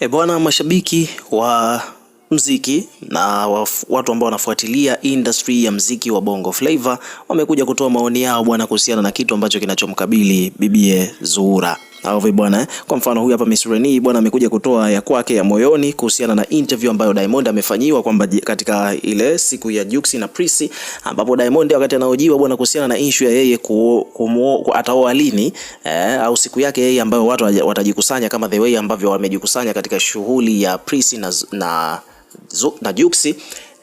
E bwana, mashabiki wa mziki na watu ambao wanafuatilia industry ya mziki wa Bongo Flava wamekuja kutoa maoni yao bwana, kuhusiana na kitu ambacho kinachomkabili bibie Zuhura au vipi bwana eh? Kwa mfano huyu hapa Miss Reni bwana amekuja kutoa ya kwake ya moyoni kuhusiana na interview ambayo Diamond amefanyiwa kwamba katika ile siku ya juxi na Prissy, ambapo Diamond wakati anaojiwa bwana kuhusiana na issue ya yeye ataoa lini eh, au siku yake yeye ambayo watu watajikusanya kama the way ambavyo wamejikusanya katika shughuli ya Prissy na, na, na Juxi,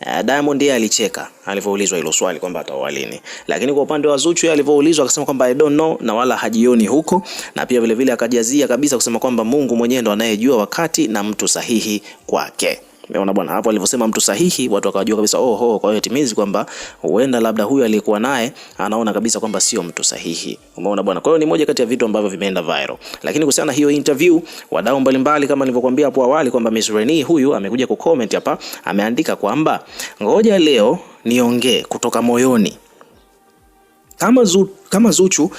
Eh, Diamond ndiye alicheka alivyoulizwa hilo swali kwamba ataoa lini, lakini kwa upande wa Zuchu alivyoulizwa akasema kwamba I don't know na wala hajioni huko, na pia vilevile akajazia kabisa kusema kwamba Mungu mwenyewe ndo anayejua wakati na mtu sahihi kwake. Umeona bwana, hapo alivyosema mtu sahihi, watu wakajua kabisa oho. Oh, kwa hiyo itimizi kwamba huenda labda huyu aliyekuwa naye anaona kabisa kwamba sio mtu sahihi. Umeona bwana, kwa hiyo ni moja kati ya vitu ambavyo vimeenda viral. Lakini kuhusiana na hiyo interview, wadau mbalimbali kama nilivyokuambia hapo awali kwamba Miss Reni huyu amekuja ku comment hapa, ameandika kwamba ngoja leo niongee kutoka moyoni kama, zu, kama Zuchu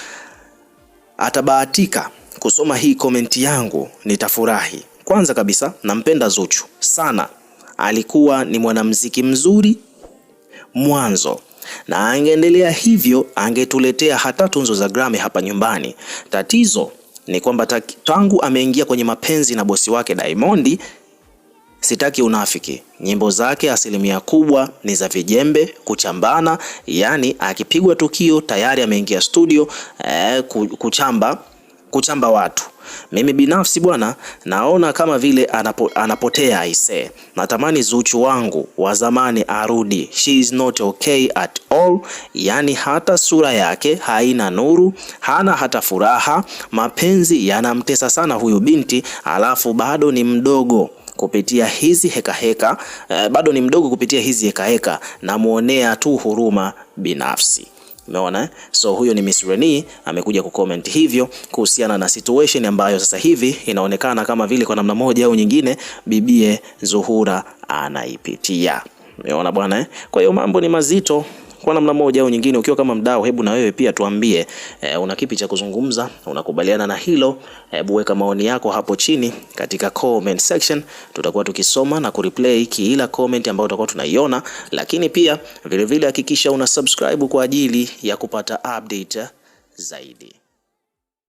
atabahatika kusoma hii komenti yangu nitafurahi. Kwanza kabisa nampenda Zuchu sana alikuwa ni mwanamuziki mzuri mwanzo na angeendelea hivyo, angetuletea hata tunzo za Grammy hapa nyumbani. Tatizo ni kwamba tangu ameingia kwenye mapenzi na bosi wake Diamond, sitaki unafiki, nyimbo zake asilimia kubwa ni za vijembe, kuchambana, yani akipigwa tukio tayari ameingia studio eh, kuchamba kuchamba watu. Mimi binafsi bwana, naona kama vile anapo, anapotea ise Natamani Zuchu wangu wa zamani arudi. She is not okay at all. Yani hata sura yake haina nuru, hana hata furaha. Mapenzi yanamtesa sana huyu binti, alafu bado ni mdogo kupitia hizi heka heka, eh, bado ni mdogo kupitia hizi hekaheka heka, namuonea tu huruma binafsi. Unaona? Eh? So huyo ni Miss Reni amekuja kucomment hivyo kuhusiana na situation ambayo sasa hivi inaonekana kama vile kwa namna moja au nyingine bibie Zuhura anaipitia. Umeona bwana eh? Kwa hiyo mambo ni mazito kwa namna moja au nyingine, ukiwa kama mdau, hebu na wewe pia tuambie, e, una kipi cha kuzungumza? Unakubaliana na hilo? Hebu weka maoni yako hapo chini katika comment section, tutakuwa tukisoma na kureplay kila comment ambayo utakuwa tunaiona, lakini pia vilevile hakikisha vile una subscribe kwa ajili ya kupata update zaidi.